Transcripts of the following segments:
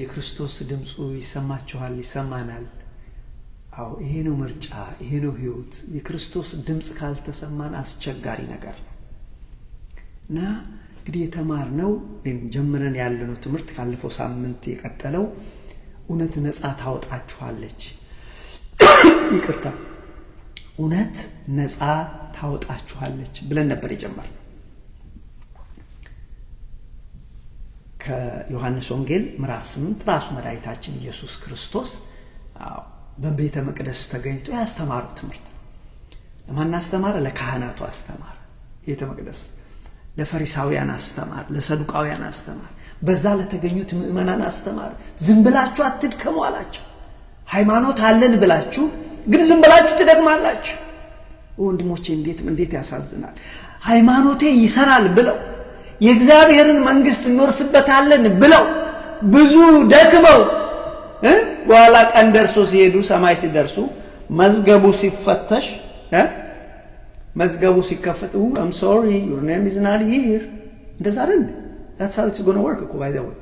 የክርስቶስ ድምፁ ይሰማችኋል፣ ይሰማናል። አዎ ይሄ ነው ምርጫ፣ ይሄ ነው ህይወት። የክርስቶስ ድምፅ ካልተሰማን አስቸጋሪ ነገር ነው እና እንግዲህ የተማርነው ወይም ጀምረን ያለነው ትምህርት ካለፈው ሳምንት የቀጠለው እውነት ነፃ ታወጣችኋለች። ይቅርታ እውነት ነፃ ታወጣችኋለች ብለን ነበር የጀመርነው። ከዮሐንስ ወንጌል ምዕራፍ 8 ራሱ መድኃኒታችን ኢየሱስ ክርስቶስ በቤተ መቅደስ ተገኝቶ ያስተማረው ትምህርት ነው። ለማን አስተማረ? ለካህናቱ አስተማረ። ቤተ መቅደስ ለፈሪሳውያን አስተማር፣ ለሰዱቃውያን አስተማር፣ በዛ ለተገኙት ምእመናን አስተማር። ዝም ብላችሁ አትድከሙ አላቸው። ሃይማኖት አለን ብላችሁ ግን ዝም ብላችሁ ትደግማላችሁ። ወንድሞቼ እንዴት እንዴት ያሳዝናል! ሃይማኖቴ ይሰራል ብለው የእግዚአብሔርን መንግስት እንወርስበታለን ብለው ብዙ ደክመው በኋላ ቀን ደርሶ ሲሄዱ ሰማይ ሲደርሱ መዝገቡ ሲፈተሽ መዝገቡ ሲከፈት አም ሶሪ ዩር ኔም ኢዝ ናት ሂር እንደዛ አይደል? ዳትስ ሃው ኢትስ ጎና ወርክ እኮ ባይ ዘ ወይ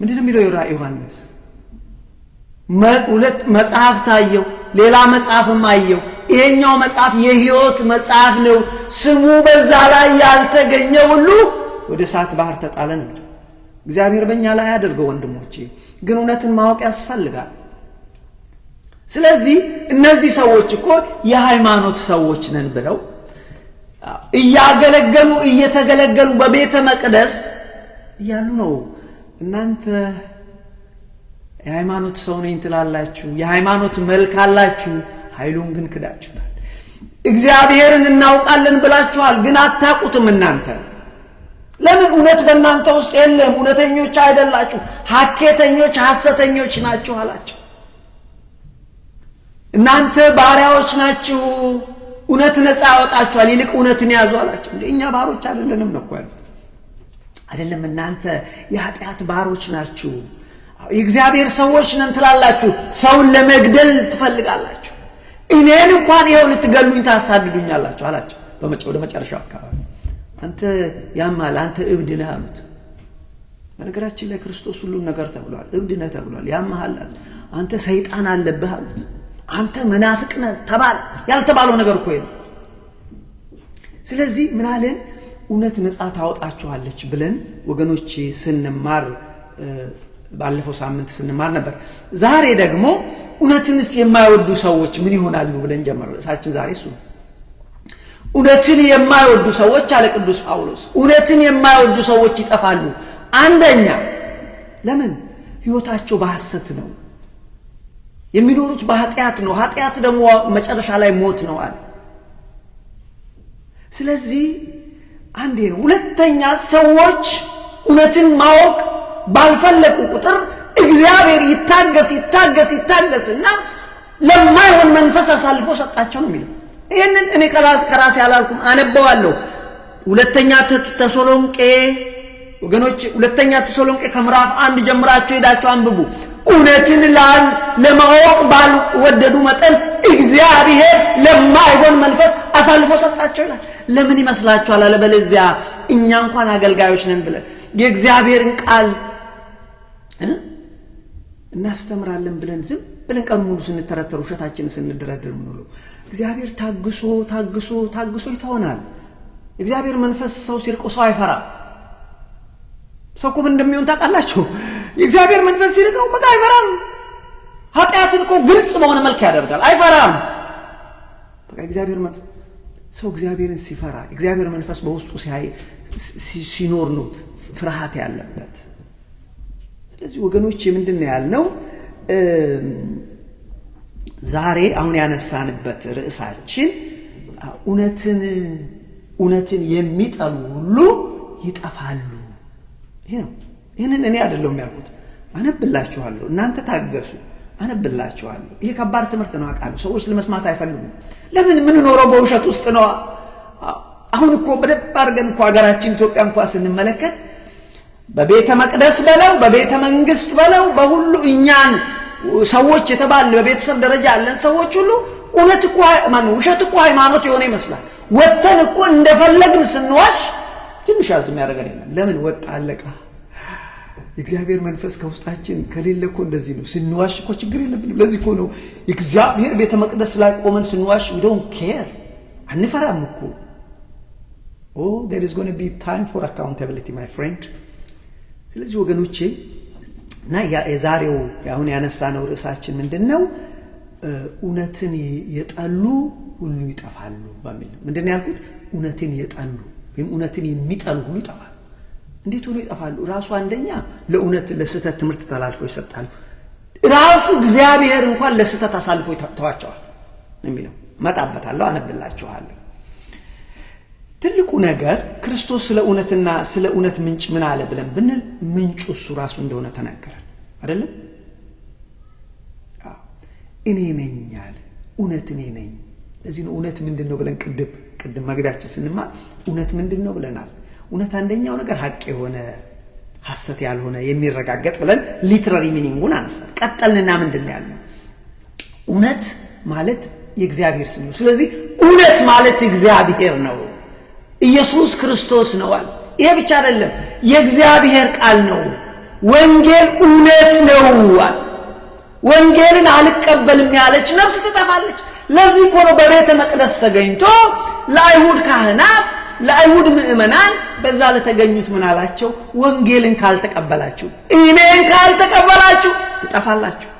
ምንድን የሚለው ዮሐንስ ሁለት መጽሐፍ ታየው ሌላ መጽሐፍም አየው። ይሄኛው መጽሐፍ የሕይወት መጽሐፍ ነው፣ ስሙ በዛ ላይ ያልተገኘ ሁሉ ወደ እሳት ባህር ተጣለ ነበር። እግዚአብሔር በእኛ ላይ ያደርገው። ወንድሞቼ ግን እውነትን ማወቅ ያስፈልጋል። ስለዚህ እነዚህ ሰዎች እኮ የሃይማኖት ሰዎች ነን ብለው እያገለገሉ እየተገለገሉ በቤተ መቅደስ እያሉ ነው እናንተ የሃይማኖት ሰው ነኝ ትላላችሁ፣ የሃይማኖት መልክ አላችሁ፣ ኃይሉን ግን ክዳችሁታል። እግዚአብሔርን እናውቃለን ብላችኋል፣ ግን አታውቁትም እናንተ ለምን? እውነት በእናንተ ውስጥ የለም፣ እውነተኞች አይደላችሁ፣ ሀኬተኞች ሐሰተኞች ናችሁ አላቸው። እናንተ ባሪያዎች ናችሁ፣ እውነት ነፃ ያወጣችኋል፣ ይልቅ እውነትን ያዙ አላቸው። እንደ እኛ ባሮች አይደለንም ነው እኮ ያሉት። አይደለም እናንተ የኃጢአት ባሮች ናችሁ የእግዚአብሔር ሰዎች ነን ትላላችሁ፣ ሰውን ለመግደል ትፈልጋላችሁ፣ እኔን እንኳን ይኸው ልትገሉኝ ታሳድዱኛላችሁ አላቸው። ወደ መጨረሻው አካባቢ አንተ ያማል አንተ እብድ ነህ አሉት። በነገራችን ላይ ክርስቶስ ሁሉም ነገር ተብሏል። እብድ ነህ ተብሏል። ያመሃል አለ። አንተ ሰይጣን አለብህ አሉት። አንተ መናፍቅ ነህ ተባለ። ያልተባለው ነገር እኮ ነው። ስለዚህ ምን እውነት ነፃ ታወጣችኋለች ብለን ወገኖች ስንማር ባለፈው ሳምንት ስንማር ነበር። ዛሬ ደግሞ እውነትንስ የማይወዱ ሰዎች ምን ይሆናሉ ብለን ጀመር። እሳችን ዛሬ እሱ ነው። እውነትን የማይወዱ ሰዎች አለ ቅዱስ ጳውሎስ። እውነትን የማይወዱ ሰዎች ይጠፋሉ። አንደኛ ለምን? ህይወታቸው በሐሰት ነው የሚኖሩት፣ በኃጢአት ነው። ኃጢአት ደግሞ መጨረሻ ላይ ሞት ነው አለ። ስለዚህ አንዴ ነው። ሁለተኛ ሰዎች እውነትን ማወቅ ባልፈለቁ ቁጥር እግዚአብሔር ይታገስ ይታገስ ይታገስ እና ለማይሆን መንፈስ አሳልፎ ሰጣቸው ነው የሚለው። ይህንን እኔ ከላስ ከራሴ አላልኩም፣ አነበዋለሁ። ሁለተኛ ተሰሎንቄ ወገኖች፣ ሁለተኛ ተሰሎንቄ ከምዕራፍ አንድ ጀምራችሁ ሄዳችሁ አንብቡ። እውነትን ላል ለማወቅ ባልወደዱ መጠን እግዚአብሔር ለማይሆን መንፈስ አሳልፎ ሰጣቸው ይላል። ለምን ይመስላችኋል? አለበለዚያ እኛ እንኳን አገልጋዮች ነን ብለን የእግዚአብሔርን ቃል እናስተምራለን ብለን ዝም ብለን ቀን ሙሉ ስንተረተር ውሸታችን ስንደረደር ምንውለው እግዚአብሔር ታግሶ ታግሶ ታግሶ ይተሆናል። እግዚአብሔር መንፈስ ሰው ሲርቆ ሰው አይፈራ። ሰው ምን እንደሚሆን ታውቃላችሁ? የእግዚአብሔር መንፈስ ሲርቀው በቃ አይፈራም። ኃጢአትን እኮ ግልጽ በሆነ መልክ ያደርጋል። አይፈራም። በቃ እግዚአብሔር መንፈስ ሰው እግዚአብሔርን ሲፈራ እግዚአብሔር መንፈስ በውስጡ ሲኖር ነው ፍርሃት ያለበት። ስለዚህ ወገኖች ምንድን ነው ያልነው? ዛሬ አሁን ያነሳንበት ርዕሳችን እውነትን እውነትን የሚጠሉ ሁሉ ይጠፋሉ። ይሄ ነው። ይህንን እኔ አይደለሁም ያልኩት፣ አነብላችኋለሁ። እናንተ ታገሱ፣ አነብላችኋለሁ። ይሄ ከባድ ትምህርት ነው አቃሉ ሰዎች ለመስማት አይፈልጉም። ለምን የምንኖረው በውሸት ውስጥ ነው። አሁን እኮ በደብ አድርገን እኮ ሀገራችን ኢትዮጵያ እንኳ ስንመለከት በቤተ መቅደስ በለው በቤተ መንግስት በለው በሁሉ እኛን ሰዎች የተባለ በቤተሰብ ደረጃ ያለን ሰዎች ሁሉ እውነት እኮ ውሸት እኮ ሃይማኖት የሆነ ይመስላል። ወጥተን እኮ እንደፈለግን ስንዋሽ ትንሽ ያዝ የሚያደርገን የለም። ለምን ወጣ አለቀ። የእግዚአብሔር መንፈስ ከውስጣችን ከሌለ እኮ እንደዚህ ነው። ስንዋሽ እኮ ችግር የለብንም። ለዚህ እኮ ነው የእግዚአብሔር ቤተ መቅደስ ላይ ቆመን ስንዋሽ ዶን ኬር አንፈራም እኮ ኦ ዴር ኢዝ ጎን ቢ ታይም ፎር አካውንታብሊቲ ማይ ፍሬንድ ስለዚህ ወገኖቼ እና የዛሬው አሁን ያነሳነው ርዕሳችን ምንድን ነው? እውነትን የጠሉ ሁሉ ይጠፋሉ በሚል ነው። ምንድን ያልኩት? እውነትን የጠሉ ወይም እውነትን የሚጠሉ ሁሉ ይጠፋሉ። እንዴት ሁሉ ይጠፋሉ? ራሱ አንደኛ ለእውነት ለስህተት ትምህርት ተላልፎ ይሰጣሉ። ራሱ እግዚአብሔር እንኳን ለስህተት አሳልፎ ተዋቸዋል የሚለው መጣበታለሁ፣ አነብላችኋለሁ ትልቁ ነገር ክርስቶስ ስለ እውነትና ስለ እውነት ምንጭ ምን አለ ብለን ብንል ምንጩ እሱ ራሱ እንደሆነ ተናገረ አይደለም? እኔ ነኝ አለ። እውነት እኔ ነኝ። ለዚህ ነው እውነት ምንድን ነው ብለን ቅድም ቅድም መግዳችን ስንማ እውነት ምንድን ነው ብለናል። እውነት አንደኛው ነገር ሀቅ የሆነ ሀሰት ያልሆነ የሚረጋገጥ ብለን ሊትራሪ ሚኒንጉን አነሳን። ቀጠልንና ምንድን ያለው እውነት ማለት የእግዚአብሔር ስም ነው። ስለዚህ እውነት ማለት እግዚአብሔር ነው ኢየሱስ ክርስቶስ ነዋል። ይሄ ብቻ አይደለም፣ የእግዚአብሔር ቃል ነው። ወንጌል እውነት ነው ወንጌልን አልቀበልም ያለች ነፍስ ትጠፋለች። ለዚህ እኮ ነው በቤተ መቅደስ ተገኝቶ ለአይሁድ ካህናት ለአይሁድ ምእመናን በዛ ለተገኙት ምን አላቸው? ወንጌልን ካልተቀበላችሁ እኔን ካልተቀበላችሁ ትጠፋላችሁ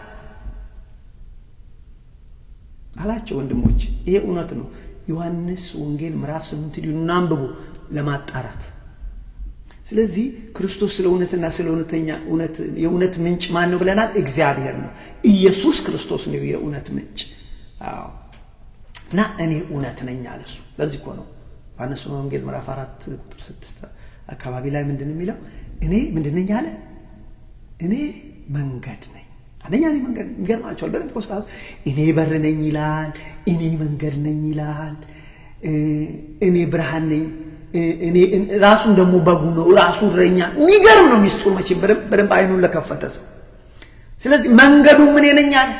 አላቸው። ወንድሞች ይሄ እውነት ነው። ዮሐንስ ወንጌል ምዕራፍ ስምንት ሊሆኑና አንብቡ ለማጣራት። ስለዚህ ክርስቶስ ስለ እውነትና ስለ እውነተኛ እውነት የእውነት ምንጭ ማን ነው ብለናል? እግዚአብሔር ነው። ኢየሱስ ክርስቶስ ነው የእውነት ምንጭ እና እኔ እውነት ነኝ አለ እሱ። ለዚህ እኮ ነው ዮሐንስ ወንጌል ምዕራፍ አራት ቁጥር ስድስት አካባቢ ላይ ምንድን የሚለው እኔ ምንድን አለ እኔ መንገድ አንደኛ እኔ መንገድ ይገርማቸዋል። በደንብ ኮስታስ እኔ በር ነኝ ይላል፣ እኔ መንገድ ነኝ ይላል፣ እኔ ብርሃን ነኝ እኔ ራሱን ደግሞ በጉ ነው ራሱ እረኛ። የሚገርም ነው ሚስጥሩ መቼም በደንብ አይኑን ለከፈተ ሰው። ስለዚህ መንገዱ ምን ነኛል?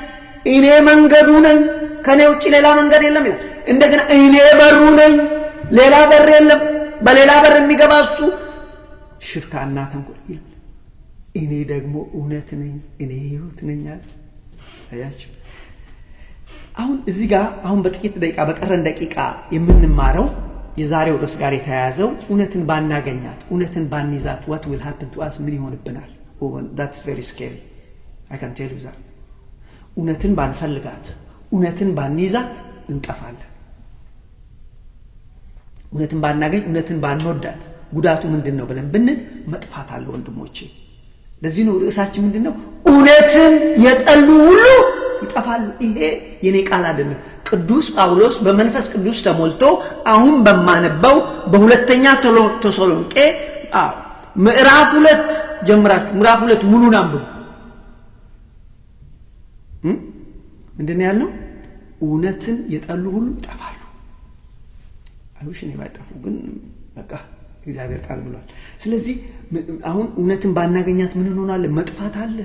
እኔ መንገዱ ነኝ፣ ከእኔ ውጭ ሌላ መንገድ የለም ይላል። እንደገና እኔ በሩ ነኝ፣ ሌላ በር የለም፣ በሌላ በር የሚገባ እሱ ሽፍታና ተንኮል ይላል። እኔ ደግሞ እውነት ነኝ፣ እኔ ህይወት ነኝ አለ። አያችሁ አሁን እዚህ ጋር አሁን በጥቂት ደቂቃ በቀረን ደቂቃ የምንማረው የዛሬው ርዕስ ጋር የተያያዘው እውነትን ባናገኛት እውነትን ባንይዛት ዋት ዊል ሃፕን ቱ አስ ምን ይሆንብናል? ስ ቬሪ ስኬሪ አይ ካን ቴል ዩ ዛት እውነትን ባንፈልጋት እውነትን ባንይዛት እንጠፋለን። እውነትን ባናገኝ እውነትን ባንወዳት ጉዳቱ ምንድን ነው ብለን ብንል መጥፋት አለ ወንድሞቼ። ለዚህ ነው ርዕሳችን ምንድን ነው? እውነትን የጠሉ ሁሉ ይጠፋሉ። ይሄ የኔ ቃል አይደለም። ቅዱስ ጳውሎስ በመንፈስ ቅዱስ ተሞልቶ አሁን በማነበው በሁለተኛ ተሰሎንቄ ምዕራፍ ሁለት ጀምራችሁ ምዕራፍ ሁለት ሙሉን አንብቡ። ምንድን ነው ያልነው? እውነትን የጠሉ ሁሉ ይጠፋሉ። አይሽ እኔ ባይጠፉ ግን በቃ እግዚአብሔር ቃል ብሏል። ስለዚህ አሁን እውነትን ባናገኛት ምን እንሆናለን? መጥፋት አለ።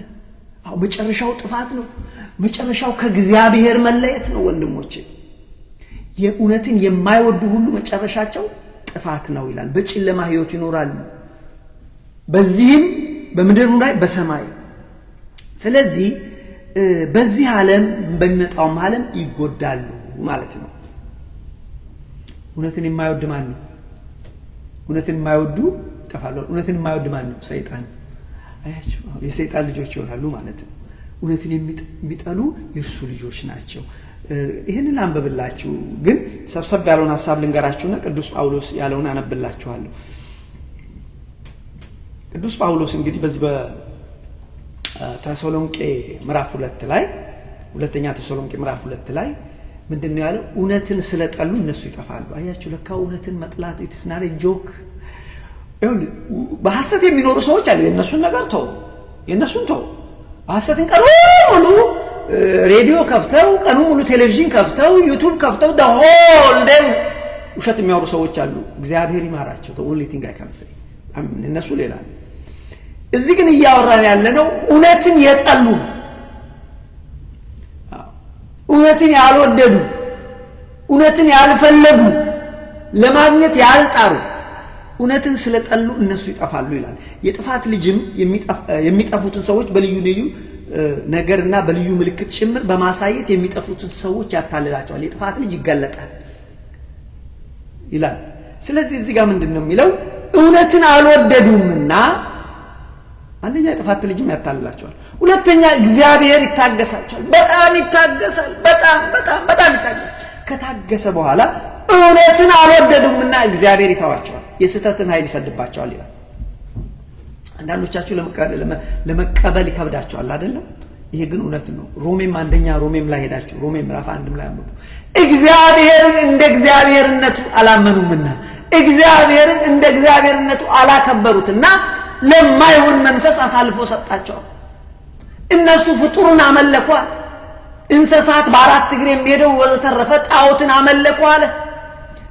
አዎ መጨረሻው ጥፋት ነው። መጨረሻው ከእግዚአብሔር መለየት ነው። ወንድሞቼ እውነትን የማይወዱ ሁሉ መጨረሻቸው ጥፋት ነው ይላል። በጭለማ ህይወት ይኖራሉ፣ በዚህም በምድር ላይ በሰማይ። ስለዚህ በዚህ ዓለም በሚመጣውም ዓለም ይጎዳሉ ማለት ነው። እውነትን የማይወድ ማን ነው? እውነትን የማይወዱ ይጠፋሉ። እውነትን የማይወድ ማን ነው? ሰይጣን። አያችሁ፣ የሰይጣን ልጆች ይሆናሉ ማለት ነው። እውነትን የሚጠሉ የእርሱ ልጆች ናቸው። ይህንን አንብብላችሁ ግን ሰብሰብ ያለውን ሀሳብ ልንገራችሁና ቅዱስ ጳውሎስ ያለውን አነብላችኋለሁ። ቅዱስ ጳውሎስ እንግዲህ በዚህ በተሰሎንቄ ምዕራፍ ሁለት ላይ ሁለተኛ ተሰሎንቄ ምዕራፍ ሁለት ላይ ምንድን ነው ያለው? እውነትን ስለጠሉ እነሱ ይጠፋሉ። አያችሁ፣ ለካ እውነትን መጥላት ኢትስናሬ ጆክ። በሀሰት የሚኖሩ ሰዎች አሉ። የእነሱን ነገር ተው፣ የእነሱን ተው። በሀሰትን ቀኑ ሙሉ ሬዲዮ ከፍተው፣ ቀኑ ሙሉ ቴሌቪዥን ከፍተው፣ ዩቱብ ከፍተው ደሆል ውሸት የሚያወሩ ሰዎች አሉ። እግዚአብሔር ይማራቸው። ኦንሊ ቲንግ እነሱ ሌላ። እዚህ ግን እያወራን ያለነው እውነትን የጠሉ እውነትን ያልወደዱ እውነትን ያልፈለጉ ለማግኘት ያልጣሩ እውነትን ስለጠሉ እነሱ ይጠፋሉ ይላል። የጥፋት ልጅም የሚጠፉትን ሰዎች በልዩ ልዩ ነገር እና በልዩ ምልክት ጭምር በማሳየት የሚጠፉትን ሰዎች ያታልላቸዋል። የጥፋት ልጅ ይጋለጣል ይላል። ስለዚህ እዚህ ጋር ምንድን ነው የሚለው? እውነትን አልወደዱምና አንደኛ የጥፋት ልጅም ያታልላቸዋል። ሁለተኛ እግዚአብሔር ይታገሳቸዋል። በጣም ይታገሳል። በጣም በጣም በጣም ይታገሳል። ከታገሰ በኋላ እውነትን አልወደዱምና እግዚአብሔር ይተዋቸዋል፣ የስህተትን ኃይል ይሰድባቸዋል ይላል። አንዳንዶቻችሁ ለመቀበል ይከብዳቸዋል አይደለም? ይሄ ግን እውነት ነው። ሮሜም አንደኛ ሮሜም ላይ ሄዳችሁ ሮሜ ምዕራፍ አንድም ላይ አንብቡ። እግዚአብሔርን እንደ እግዚአብሔርነቱ አላመኑምና እግዚአብሔርን እንደ እግዚአብሔርነቱ አላከበሩትና ለማይሆን መንፈስ አሳልፎ ሰጣቸዋል። እነሱ ፍጡሩን አመለኳል። እንስሳት በአራት እግር የሚሄደው ወዘተረፈ ጣዖትን አመለኩ አለ።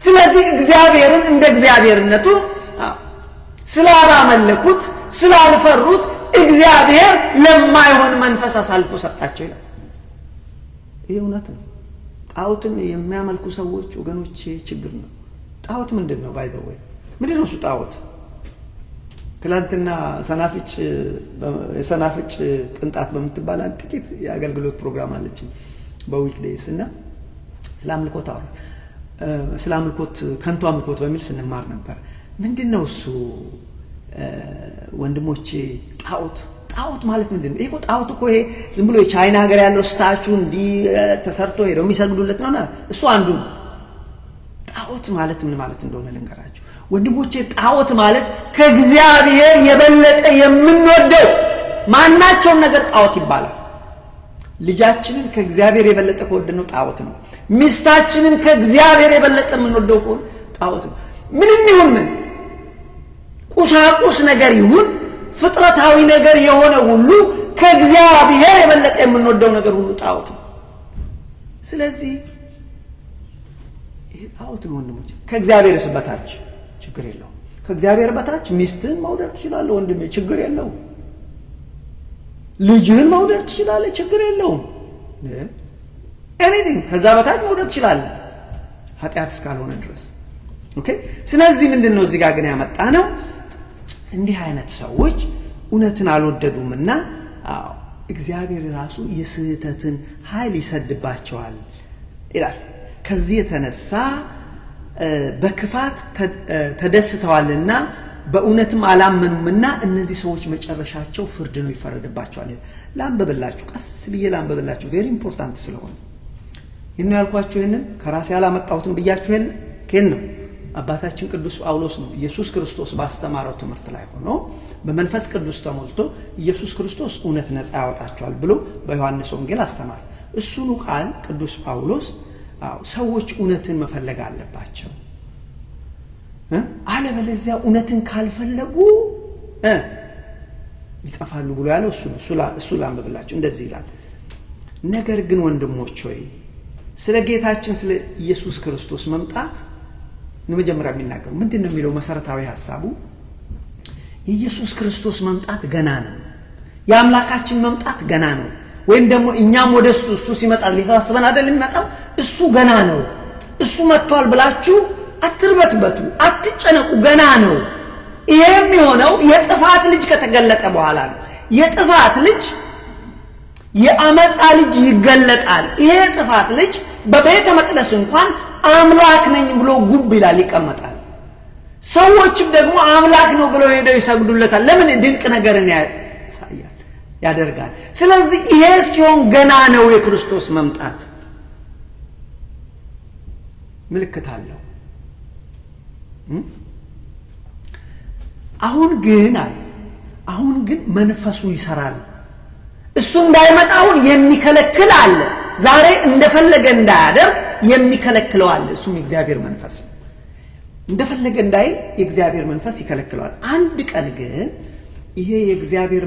ስለዚህ እግዚአብሔርን እንደ እግዚአብሔርነቱ ስላላመለኩት ስላልፈሩት እግዚአብሔር ለማይሆን መንፈስ አሳልፎ ሰጣቸው ይላል። ይህ እውነት ነው። ጣዖትን የሚያመልኩ ሰዎች ወገኖች ችግር ነው። ጣዖት ምንድን ነው? ባይዘወይ ምንድን ነው እሱ ጣዖት ትላንትና ሰናፍጭ የሰናፍጭ ቅንጣት በምትባል አንድ ጥቂት የአገልግሎት ፕሮግራም አለችን በዊክዴይስ እና ስለ አምልኮት አወራን። ስለ አምልኮት ከንቱ አምልኮት በሚል ስንማር ነበር። ምንድን ነው እሱ ወንድሞቼ? ጣዖት ጣዖት ማለት ምንድን ነው? ይሄ ጣዖት እኮ ይሄ ዝም ብሎ የቻይና ሀገር ያለው ስታቹ እንዲህ ተሰርቶ ሄደው የሚሰግዱለት ነው። እሱ አንዱ ነው። ጣዖት ማለት ምን ማለት እንደሆነ ልንገራቸው ወንድሞቼ ጣዖት ማለት ከእግዚአብሔር የበለጠ የምንወደው ማናቸውም ነገር ጣዖት ይባላል። ልጃችንን ከእግዚአብሔር የበለጠ ከወደድነው ጣዖት ነው። ሚስታችንን ከእግዚአብሔር የበለጠ የምንወደው ከሆነ ጣዖት ነው። ምንም ይሁን ምን ቁሳቁስ ነገር ይሁን ፍጥረታዊ ነገር የሆነ ሁሉ ከእግዚአብሔር የበለጠ የምንወደው ነገር ሁሉ ጣዖት ነው። ስለዚህ ይሄ ጣዖት ነው ወንድሞች ከእግዚአብሔር ስበታች ችግር የለው። ከእግዚአብሔር በታች ሚስትህን መውደድ ትችላለህ ወንድሜ፣ ችግር የለው። ልጅህን መውደድ ትችላለህ፣ ችግር የለውም። ኤኒቲንግ ከዛ በታች መውደድ ትችላለህ ኃጢአት እስካልሆነ ድረስ ኦኬ። ስለዚህ ምንድን ነው እዚህ ጋር ግን ያመጣ ነው እንዲህ አይነት ሰዎች እውነትን አልወደዱምና እግዚአብሔር ራሱ የስህተትን ኃይል ይሰድባቸዋል ይላል። ከዚህ የተነሳ በክፋት ተደስተዋልና በእውነትም አላመኑምና እነዚህ ሰዎች መጨረሻቸው ፍርድ ነው ይፈረድባቸዋል። ላንበበላችሁ፣ ቀስ ብዬ ላንበበላችሁ፣ ቬሪ ኢምፖርታንት ስለሆነ ይህን ያልኳችሁ። ይህንን ከራሴ ያላመጣሁትን ብያችሁ የለ ኬን ነው አባታችን ቅዱስ ጳውሎስ ነው ኢየሱስ ክርስቶስ ባስተማረው ትምህርት ላይ ሆኖ በመንፈስ ቅዱስ ተሞልቶ ኢየሱስ ክርስቶስ እውነት ነፃ ያወጣቸዋል ብሎ በዮሐንስ ወንጌል አስተማር እሱኑ ቃል ቅዱስ ጳውሎስ ሰዎች እውነትን መፈለግ አለባቸው። አለበለዚያ እውነትን ካልፈለጉ ይጠፋሉ ብሎ ያለው እሱ ነው። እሱ ላንብብላችሁ። እንደዚህ ይላል፣ ነገር ግን ወንድሞች ሆይ ስለ ጌታችን ስለ ኢየሱስ ክርስቶስ መምጣት መጀመሪያ የሚናገሩ ምንድን ነው የሚለው መሰረታዊ ሀሳቡ የኢየሱስ ክርስቶስ መምጣት ገና ነው። የአምላካችን መምጣት ገና ነው። ወይም ደግሞ እኛም ወደ እሱ እሱ ሲመጣ ሊሰበስበን አይደል የሚመጣው? እሱ ገና ነው፣ እሱ መጥቷል ብላችሁ አትርበትበቱ፣ አትጨነቁ፣ ገና ነው። ይሄ የሚሆነው የጥፋት ልጅ ከተገለጠ በኋላ ነው። የጥፋት ልጅ የአመፃ ልጅ ይገለጣል። ይሄ የጥፋት ልጅ በቤተ መቅደስ እንኳን አምላክ ነኝ ብሎ ጉብ ይላል፣ ይቀመጣል። ሰዎችም ደግሞ አምላክ ነው ብለው ሄደው ይሰግዱለታል። ለምን? ድንቅ ነገርን ያሳያል። ያደርጋል። ስለዚህ ይሄ እስኪሆን ገና ነው የክርስቶስ መምጣት ምልክት አለው። አሁን ግን አለ አሁን ግን መንፈሱ ይሰራል። እሱ እንዳይመጣ አሁን የሚከለክል አለ። ዛሬ እንደፈለገ እንዳያደርግ የሚከለክለው አለ። እሱም የእግዚአብሔር መንፈስ እንደፈለገ እንዳይ የእግዚአብሔር መንፈስ ይከለክለዋል። አንድ ቀን ግን ይሄ የእግዚአብሔር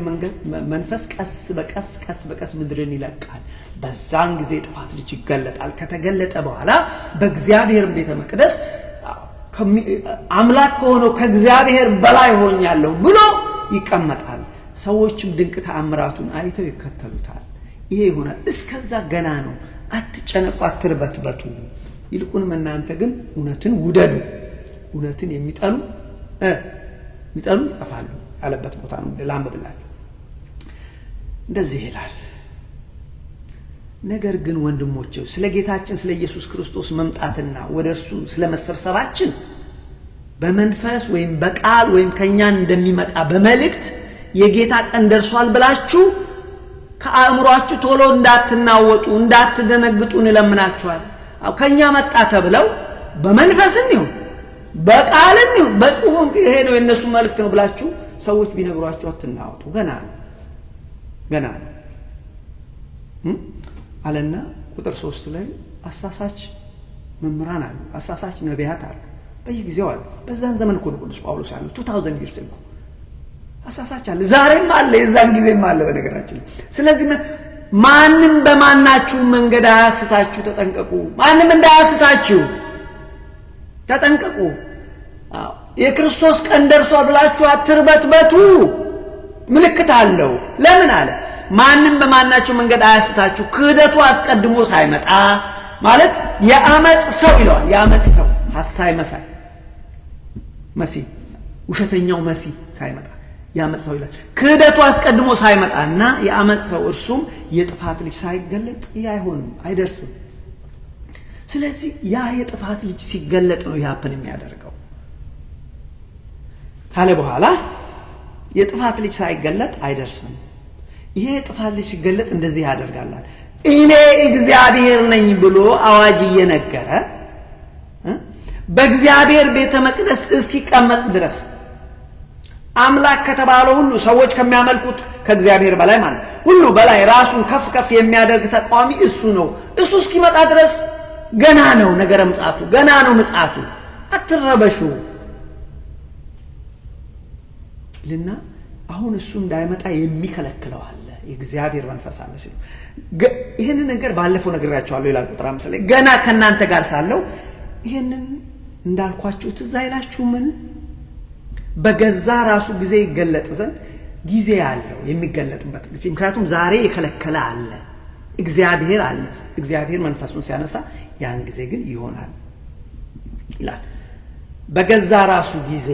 መንፈስ ቀስ በቀስ ቀስ በቀስ ምድርን ይለቃል። በዛን ጊዜ ጥፋት ልጅ ይገለጣል። ከተገለጠ በኋላ በእግዚአብሔር ቤተ መቅደስ አምላክ ከሆነው ከእግዚአብሔር በላይ ሆኛለሁ ብሎ ይቀመጣል። ሰዎችም ድንቅ ተአምራቱን አይተው ይከተሉታል። ይሄ ይሆናል። እስከዛ ገና ነው። አትጨነቁ፣ አትርበትበቱ። ይልቁንም እናንተ ግን እውነትን ውደዱ። እውነትን የሚጠሉ የሚጠሉ ይጠፋሉ ያለበት ቦታ ነው። ላንብብላችሁ። እንደዚህ ይላል። ነገር ግን ወንድሞቼ ስለ ጌታችን ስለ ኢየሱስ ክርስቶስ መምጣትና ወደ እርሱ ስለ መሰብሰባችን በመንፈስ ወይም በቃል ወይም ከእኛን እንደሚመጣ በመልእክት የጌታ ቀን ደርሷል ብላችሁ ከአእምሯችሁ ቶሎ እንዳትናወጡ እንዳትደነግጡ እንለምናችኋል። ከእኛ መጣ ተብለው በመንፈስም ይሁን በቃልም ይሁን በጽሁፍም ነው የእነሱ መልእክት ነው ብላችሁ ሰዎች ቢነግሯቸው አትናወጡ፣ ገና ነው ገና ነው አለና ቁጥር ሶስት ላይ አሳሳች መምህራን አሉ፣ አሳሳች ነቢያት አሉ፣ በየጊዜው አሉ። በዛን ዘመን እኮ ቅዱስ ጳውሎስ ያሉ ቱ ታውዘንድ ይርስ እኮ አሳሳች አለ፣ ዛሬም አለ፣ የዛን ጊዜም አለ። በነገራችን ስለዚህ ማንም በማናችሁ መንገድ አያስታችሁ፣ ተጠንቀቁ። ማንም እንዳያስታችሁ ተጠንቀቁ። የክርስቶስ ቀን ደርሷል ብላችሁ አትርበትበቱ። ምልክት አለው። ለምን አለ ማንም በማናቸው መንገድ አያስታችሁ፣ ክህደቱ አስቀድሞ ሳይመጣ ማለት የአመፅ ሰው ይለዋል። የአመፅ ሰው ሀሳይ መሳይ ውሸተኛው መሲ ሳይመጣ የአመፅ ሰው ይላል። ክህደቱ አስቀድሞ ሳይመጣና የአመፅ ሰው እርሱም የጥፋት ልጅ ሳይገለጥ አይሆንም፣ አይደርስም። ስለዚህ ያ የጥፋት ልጅ ሲገለጥ ነው ይህ የሚያደርግ ካለ በኋላ የጥፋት ልጅ ሳይገለጥ አይደርስም። ይሄ የጥፋት ልጅ ሲገለጥ እንደዚህ ያደርጋላል። እኔ እግዚአብሔር ነኝ ብሎ አዋጅ እየነገረ በእግዚአብሔር ቤተ መቅደስ እስኪቀመጥ ድረስ አምላክ ከተባለው ሁሉ ሰዎች ከሚያመልኩት ከእግዚአብሔር በላይ ማለት ሁሉ በላይ ራሱን ከፍ ከፍ የሚያደርግ ተቃዋሚ እሱ ነው። እሱ እስኪመጣ ድረስ ገና ነው ነገረ ምጽአቱ፣ ገና ነው ምጽአቱ። አትረበሹ። ልና አሁን እሱ እንዳይመጣ የሚከለክለው አለ። የእግዚአብሔር መንፈስ አለ ሲሉ ይህንን ነገር ባለፈው ነግሬያቸዋለሁ ይላል ቁጥር አምስት ላይ ገና ከእናንተ ጋር ሳለው ይህንን እንዳልኳችሁ ትዝ ምን በገዛ ራሱ ጊዜ ይገለጥ ዘንድ ጊዜ አለው የሚገለጥበት ጊዜ። ምክንያቱም ዛሬ የከለከለ አለ እግዚአብሔር አለ። እግዚአብሔር መንፈሱን ሲያነሳ ያን ጊዜ ግን ይሆናል ይላል በገዛ ራሱ ጊዜ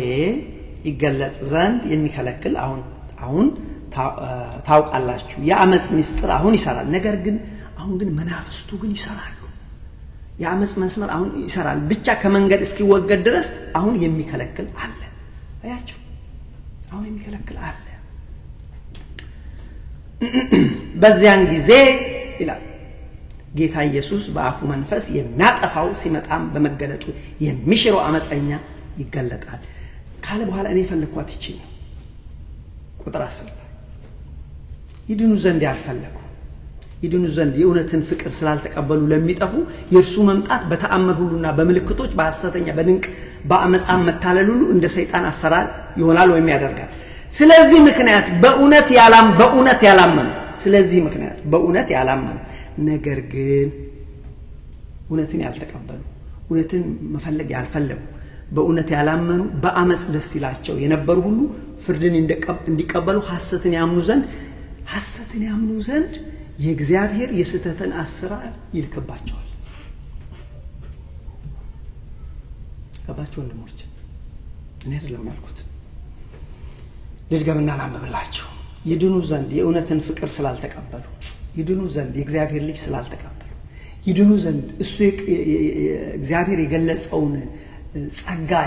ይገለጽ ዘንድ የሚከለክል አሁን አሁን ታውቃላችሁ። የአመፅ ሚስጥር አሁን ይሰራል። ነገር ግን አሁን ግን መናፍስቱ ግን ይሰራሉ። የአመፅ መስመር አሁን ይሰራል። ብቻ ከመንገድ እስኪወገድ ድረስ አሁን የሚከለክል አለ። አያቸው አሁን የሚከለክል አለ። በዚያን ጊዜ ይላል ጌታ ኢየሱስ በአፉ መንፈስ የሚያጠፋው ሲመጣም በመገለጡ የሚሽረው አመፀኛ ይገለጣል። ካለ በኋላ እኔ የፈለግኳት ይቺ ነው። ቁጥር አስር ላይ ይድኑ ዘንድ ያልፈለጉ ይድኑ ዘንድ የእውነትን ፍቅር ስላልተቀበሉ ለሚጠፉ የእርሱ መምጣት በተአምር ሁሉና በምልክቶች በሐሰተኛ በድንቅ በአመፃም መታለል ሁሉ እንደ ሰይጣን አሰራር ይሆናል ወይም ያደርጋል። ስለዚህ ምክንያት በእውነት ያላም በእውነት ያላመኑ ስለዚህ ምክንያት በእውነት ያላመኑ ነገር ግን እውነትን ያልተቀበሉ እውነትን መፈለግ ያልፈለጉ በእውነት ያላመኑ በአመፅ ደስ ይላቸው የነበሩ ሁሉ ፍርድን እንዲቀበሉ ሐሰትን ያምኑ ዘንድ ሐሰትን ያምኑ ዘንድ የእግዚአብሔር የስህተትን አሰራር ይልክባቸዋል። ገባችሁ ወንድሞች? እኔ አይደለም ያልኩት። ልድገምና ላንብብላችሁ። ይድኑ ዘንድ የእውነትን ፍቅር ስላልተቀበሉ፣ ይድኑ ዘንድ የእግዚአብሔር ልጅ ስላልተቀበሉ፣ ይድኑ ዘንድ እሱ እግዚአብሔር የገለጸውን ጸጋ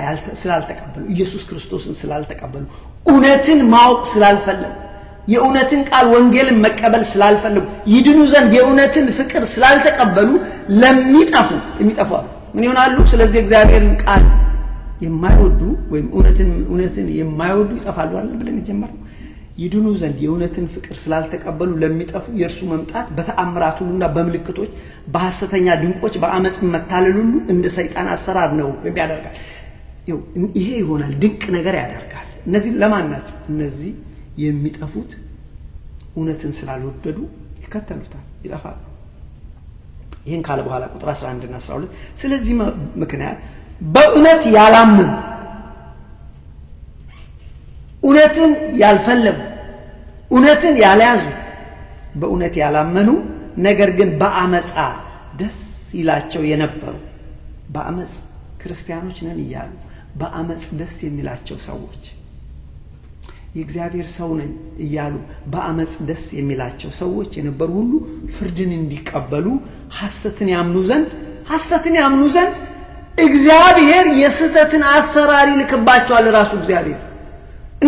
ስላልተቀበሉ ኢየሱስ ክርስቶስን ስላልተቀበሉ እውነትን ማወቅ ስላልፈለጉ የእውነትን ቃል ወንጌልን መቀበል ስላልፈለጉ ይድኑ ዘንድ የእውነትን ፍቅር ስላልተቀበሉ ለሚጠፉ የሚጠፉ አሉ። ምን ይሆናሉ? ስለዚህ እግዚአብሔርን ቃል የማይወዱ ወይም እውነትን የማይወዱ ይጠፋሉ አለ ብለን የጀመርነው ይድኑ ዘንድ የእውነትን ፍቅር ስላልተቀበሉ ለሚጠፉ የእርሱ መምጣት በተአምራት ሁሉና በምልክቶች በሐሰተኛ ድንቆች በአመፅ መታለል ሁሉ እንደ ሰይጣን አሰራር ነው ያደርጋል። ይሄ ይሆናል፣ ድንቅ ነገር ያደርጋል። እነዚህ ለማን ናቸው? እነዚህ የሚጠፉት እውነትን ስላልወደዱ ይከተሉታል፣ ይጠፋሉ። ይህን ካለ በኋላ ቁጥር 11 እና 12 ስለዚህ ምክንያት በእውነት ያላመኑ እውነትን ያልፈለጉ እውነትን ያልያዙ በእውነት ያላመኑ ነገር ግን በአመፃ ደስ ይላቸው የነበሩ በአመፅ ክርስቲያኖች ነን እያሉ በአመፅ ደስ የሚላቸው ሰዎች የእግዚአብሔር ሰው ነኝ እያሉ በአመፅ ደስ የሚላቸው ሰዎች የነበሩ ሁሉ ፍርድን እንዲቀበሉ ሐሰትን ያምኑ ዘንድ ሐሰትን ያምኑ ዘንድ እግዚአብሔር የስህተትን አሰራር ይልክባቸዋል። ራሱ እግዚአብሔር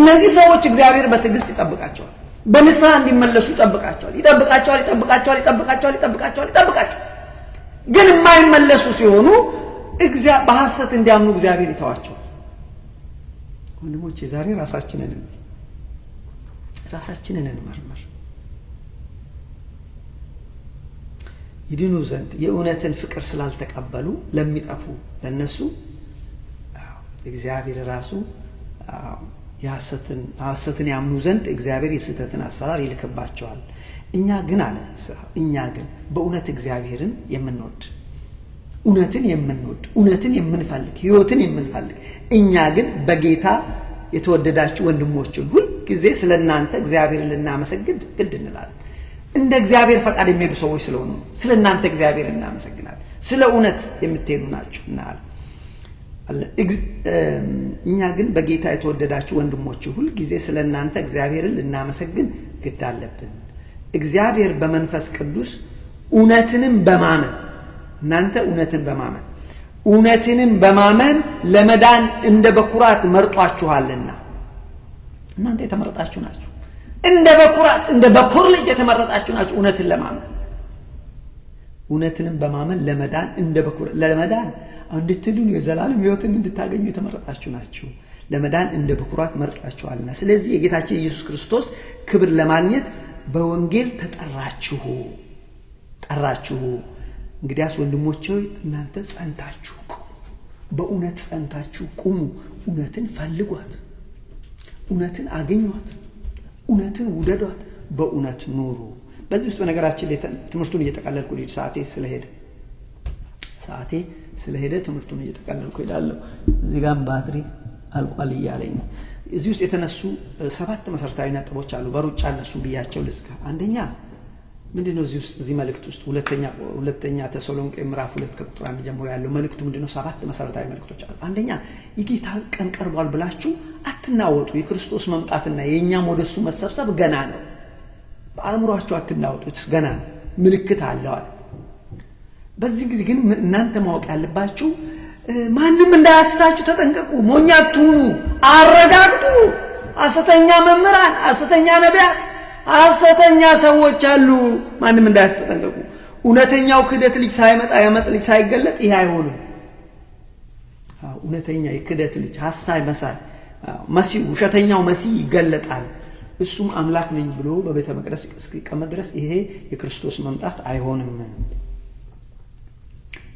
እነዚህ ሰዎች እግዚአብሔር በትዕግስት ይጠብቃቸዋል። በንስሐ እንዲመለሱ ይጠብቃቸዋል ይጠብቃቸዋል ይጠብቃቸዋል ይጠብቃቸዋል ይጠብቃቸዋል ይጠብቃቸዋል። ግን የማይመለሱ ሲሆኑ በሐሰት እንዲያምኑ እግዚአብሔር ይተዋቸዋል። ወንድሞቼ ዛሬ ራሳችንን ራሳችንን እንመርመር ይድኑ ዘንድ የእውነትን ፍቅር ስላልተቀበሉ ለሚጠፉ ለነሱ እግዚአብሔር ራሱ ሐሰትን ያምኑ ዘንድ እግዚአብሔር የስህተትን አሰራር ይልክባቸዋል። እኛ ግን አለ እኛ ግን በእውነት እግዚአብሔርን የምንወድ እውነትን የምንወድ እውነትን የምንፈልግ ህይወትን የምንፈልግ እኛ ግን በጌታ የተወደዳችሁ ወንድሞችን ሁል ጊዜ ስለ እናንተ እግዚአብሔርን ልናመሰግድ ግድ እንላለን። እንደ እግዚአብሔር ፈቃድ የሚሄዱ ሰዎች ስለሆኑ ስለ እናንተ እግዚአብሔር እናመሰግናል። ስለ እውነት የምትሄዱ ናችሁ እናል እኛ ግን በጌታ የተወደዳችሁ ወንድሞች ሁል ጊዜ ስለ እናንተ እግዚአብሔርን ልናመሰግን ግድ አለብን። እግዚአብሔር በመንፈስ ቅዱስ እውነትንም በማመን እናንተ እውነትን በማመን እውነትንም በማመን ለመዳን እንደ በኩራት መርጧችኋልና እናንተ የተመረጣችሁ ናችሁ። እንደ በኩራት እንደ በኩር ልጅ የተመረጣችሁ ናችሁ። እውነትን ለማመን እውነትንም በማመን ለመዳን እንደ በኩራት ለመዳን እንድትድኑ የዘላለም ህይወትን እንድታገኙ የተመረጣችሁ ናችሁ። ለመዳን እንደ በኩራት መርጧችኋልና። ስለዚህ የጌታችን ኢየሱስ ክርስቶስ ክብር ለማግኘት በወንጌል ተጠራችሁ ጠራችሁ። እንግዲያስ ወንድሞች ሆይ እናንተ ጸንታችሁ ቁሙ። በእውነት ጸንታችሁ ቁሙ። እውነትን ፈልጓት፣ እውነትን አገኟት፣ እውነትን ውደዷት፣ በእውነት ኑሩ። በዚህ ውስጥ በነገራችን ላይ ትምህርቱን እየጠቃለልኩ ሰዓቴ ስለሄደ ሰዓቴ ስለሄደ ትምህርቱን እየጠቀለልኩ ሄዳለሁ። እዚህ ባትሪ አልቋል እያለኝ ነው። እዚህ ውስጥ የተነሱ ሰባት መሰረታዊ ነጥቦች አሉ። በሩጫ እነሱ ብያቸው ልዝጋ። አንደኛ ምንድን ነው እዚህ ውስጥ እዚህ መልእክት ውስጥ ሁለተኛ ተሰሎንቄ ምዕራፍ ሁለት ከቁጥር አንድ ጀምሮ ያለው መልእክቱ ምንድነው? ሰባት መሰረታዊ መልእክቶች አሉ። አንደኛ የጌታ ቀን ቀርቧል ብላችሁ አትናወጡ። የክርስቶስ መምጣትና የእኛም ወደሱ መሰብሰብ ገና ነው። በአእምሯችሁ አትናወጡ ገና ነው፣ ምልክት አለዋል በዚህ ጊዜ ግን እናንተ ማወቅ ያለባችሁ ማንም እንዳያስታችሁ ተጠንቀቁ፣ ሞኛ ትሁኑ፣ አረጋግጡ። ሐሰተኛ መምህራን፣ ሐሰተኛ ነቢያት፣ ሐሰተኛ ሰዎች አሉ። ማንም እንዳያስ ተጠንቀቁ። እውነተኛው ክህደት ልጅ ሳይመጣ የአመፅ ልጅ ሳይገለጥ ይህ አይሆንም። እውነተኛ የክህደት ልጅ ሀሳይ መሳይ መሲ ውሸተኛው መሲ ይገለጣል። እሱም አምላክ ነኝ ብሎ በቤተ መቅደስ እስኪቀመጥ ድረስ ይሄ የክርስቶስ መምጣት አይሆንም።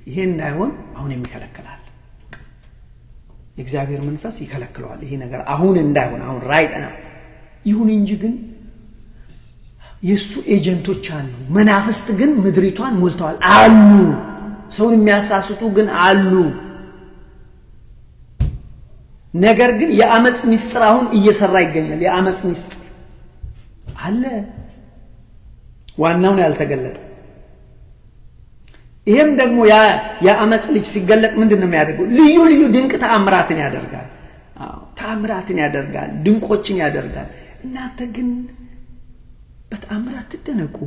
ይሄ እንዳይሆን አሁንም ይከለክላል። የእግዚአብሔር መንፈስ ይከለክለዋል። ይሄ ነገር አሁን እንዳይሆን አሁን ራይት ነው። ይሁን እንጂ ግን የእሱ ኤጀንቶች አሉ። መናፍስት ግን ምድሪቷን ሞልተዋል አሉ። ሰውን የሚያሳስቱ ግን አሉ። ነገር ግን የአመፅ ሚስጥር አሁን እየሰራ ይገኛል። የአመፅ ሚስጥር አለ። ዋናውን ያልተገለጠ ይህም ደግሞ የአመፅ ልጅ ሲገለጥ ምንድን ነው የሚያደርገው? ልዩ ልዩ ድንቅ ተአምራትን ያደርጋል። ተአምራትን ያደርጋል። ድንቆችን ያደርጋል። እናንተ ግን በተአምራት ትደነቁ።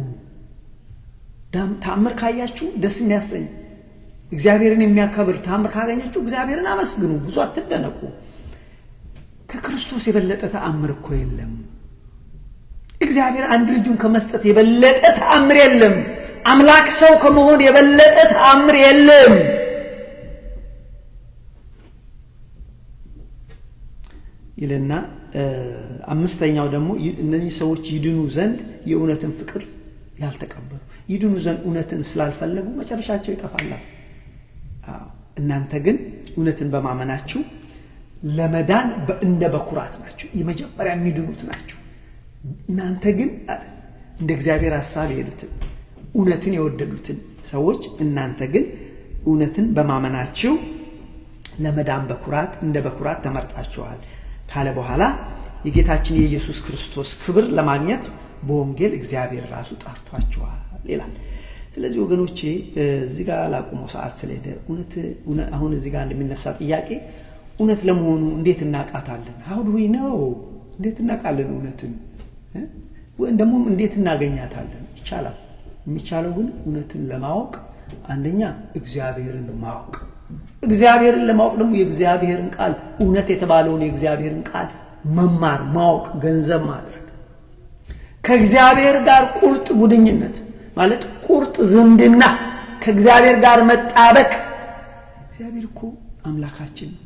ተአምር ካያችሁ ደስ የሚያሰኝ እግዚአብሔርን የሚያከብር ተአምር ካገኛችሁ እግዚአብሔርን አመስግኑ፣ ብዙ አትደነቁ። ከክርስቶስ የበለጠ ተአምር እኮ የለም። እግዚአብሔር አንድ ልጁን ከመስጠት የበለጠ ተአምር የለም። አምላክ ሰው ከመሆን የበለጠ ተአምር የለም። ይልና አምስተኛው ደግሞ እነዚህ ሰዎች ይድኑ ዘንድ የእውነትን ፍቅር ያልተቀበሉ ይድኑ ዘንድ እውነትን ስላልፈለጉ መጨረሻቸው ይጠፋላል። እናንተ ግን እውነትን በማመናችሁ ለመዳን እንደ በኩራት ናችሁ፣ የመጀመሪያ የሚድኑት ናችሁ። እናንተ ግን እንደ እግዚአብሔር ሀሳብ የሄዱትን እውነትን የወደዱትን ሰዎች እናንተ ግን እውነትን በማመናችሁ ለመዳን በኩራት እንደ በኩራት ተመርጣችኋል ካለ በኋላ የጌታችን የኢየሱስ ክርስቶስ ክብር ለማግኘት በወንጌል እግዚአብሔር ራሱ ጠርቷችኋል ይላል። ስለዚህ ወገኖቼ እዚህ ጋር ላቁሞ ሰዓት ስለሄደ አሁን እዚህ ጋር እንደሚነሳ ጥያቄ እውነት ለመሆኑ እንዴት እናቃታለን ሀው ዊ ነው እንዴት እናቃለን እውነትን ደግሞ እንዴት እናገኛታለን? ይቻላል። የሚቻለው ግን እውነትን ለማወቅ አንደኛ እግዚአብሔርን ማወቅ፣ እግዚአብሔርን ለማወቅ ደግሞ የእግዚአብሔርን ቃል እውነት የተባለውን የእግዚአብሔርን ቃል መማር፣ ማወቅ፣ ገንዘብ ማድረግ፣ ከእግዚአብሔር ጋር ቁርጥ ጉድኝነት ማለት ቁርጥ ዝምድና፣ ከእግዚአብሔር ጋር መጣበቅ። እግዚአብሔር እኮ አምላካችን ነው።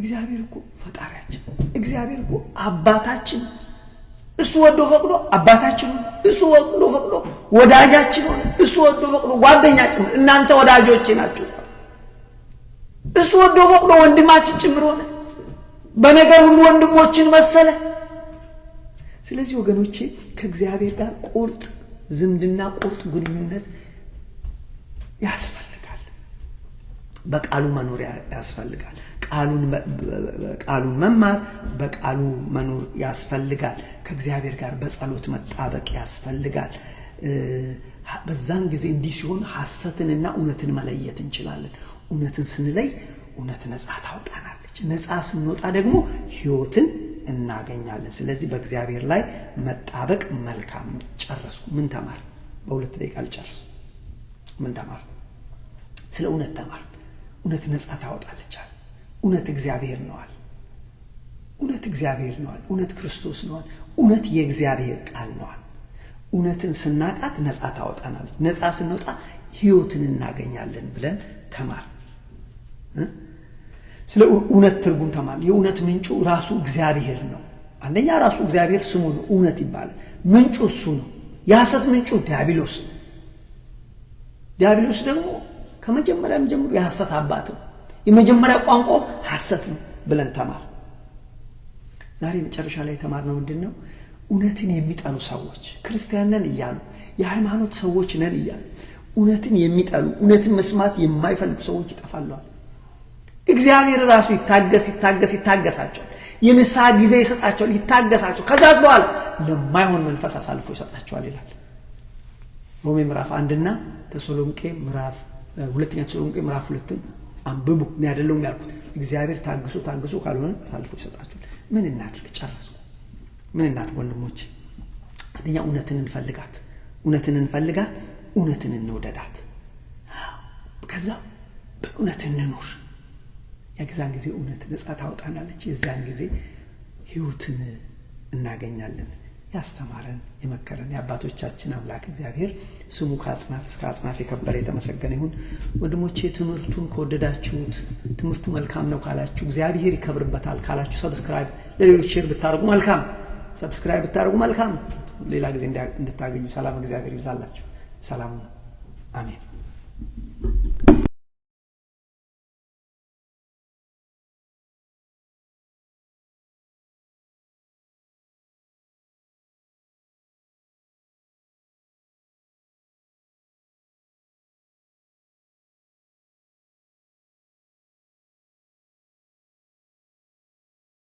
እግዚአብሔር እኮ ፈጣሪያችን፣ እግዚአብሔር እኮ አባታችን እሱ ወዶ ፈቅዶ አባታችን ሆነ። እሱ ወዶ ፈቅዶ ወዳጃችን ሆነ። እሱ ወዶ ፈቅዶ ጓደኛችን ሆነ። እናንተ ወዳጆቼ ናችሁ። እሱ ወዶ ፈቅዶ ወንድማችን ጭምር ሆነ። በነገር ሁሉ ወንድሞችን መሰለ። ስለዚህ ወገኖቼ ከእግዚአብሔር ጋር ቁርጥ ዝምድና፣ ቁርጥ ግንኙነት ያስፈልጋል። በቃሉ መኖር ያስፈልጋል። ቃሉን መማር በቃሉ መኖር ያስፈልጋል። ከእግዚአብሔር ጋር በጸሎት መጣበቅ ያስፈልጋል። በዛን ጊዜ እንዲህ ሲሆን ሐሰትንና እውነትን መለየት እንችላለን። እውነትን ስንለይ እውነት ነፃ ታውጣናለች። ነፃ ስንወጣ ደግሞ ህይወትን እናገኛለን። ስለዚህ በእግዚአብሔር ላይ መጣበቅ መልካም። ጨረስኩ። ምን ተማር? በሁለት ደቂቃ ልጨርስ። ምን ተማር? ስለ እውነት ተማር። እውነት ነፃ ታወጣለች። እውነት እግዚአብሔር ነዋል። እውነት እግዚአብሔር ነዋል። እውነት ክርስቶስ ነዋል። እውነት የእግዚአብሔር ቃል ነዋል። እውነትን ስናቃት ነፃ ታወጣናለች። ነፃ ስንወጣ ህይወትን እናገኛለን ብለን ተማር። ስለ እውነት ትርጉም ተማር። የእውነት ምንጩ ራሱ እግዚአብሔር ነው። አንደኛ ራሱ እግዚአብሔር ስሙ ነው፣ እውነት ይባላል። ምንጩ እሱ ነው። የሐሰት ምንጩ ዲያብሎስ ዲያብሎስ ደግሞ ከመጀመሪያም ጀምሮ የሐሰት አባት ነው። የመጀመሪያ ቋንቋ ሐሰት ነው ብለን ተማር። ዛሬ መጨረሻ ላይ ነው ምንድን ነው? እውነትን የሚጠሉ ሰዎች ክርስቲያን ነን እያሉ የሃይማኖት ሰዎች ነን እያሉ እውነትን የሚጠሉ እውነትን መስማት የማይፈልጉ ሰዎች ይጠፋለዋል። እግዚአብሔር ራሱ ይታገስ ይታገስ ይታገሳቸዋል። የንሳ ጊዜ ይሰጣቸዋል፣ ይታገሳቸው። ከዛስ በኋላ ለማይሆን መንፈስ አሳልፎ ይሰጣቸዋል ይላል ሮሜ ምራፍ አንድና ተሰሎንቄ ምራፍ ሁለተኛ ተሰሎንቄ ምራፍ ሁለትን አንብቡ ነው ያደለውም ያልኩት። እግዚአብሔር ታግሶ ታግሶ ካልሆነ ሳልፎ ይሰጣችኋል። ምን እናድርግ? ጨረሱ። ምን እናድርግ ወንድሞች? አንደኛ እውነትን እንፈልጋት፣ እውነትን እንፈልጋት፣ እውነትን እንውደዳት። ከዛ በእውነት እንኑር። የግዛን ጊዜ እውነት ነጻ ታወጣናለች። የዛን ጊዜ ህይወትን እናገኛለን። ያስተማረን የመከረን የአባቶቻችን አምላክ እግዚአብሔር ስሙ ከአጽናፍ እስከ አጽናፍ የከበረ የተመሰገነ ይሁን። ወንድሞቼ ትምህርቱን ከወደዳችሁት ትምህርቱ መልካም ነው ካላችሁ እግዚአብሔር ይከብርበታል ካላችሁ ሰብስክራይብ ለሌሎች ሼር ብታደርጉ መልካም፣ ሰብስክራይብ ብታደርጉ መልካም፣ ሌላ ጊዜ እንድታገኙ ሰላም እግዚአብሔር ይብዛላችሁ። ሰላም አሜን።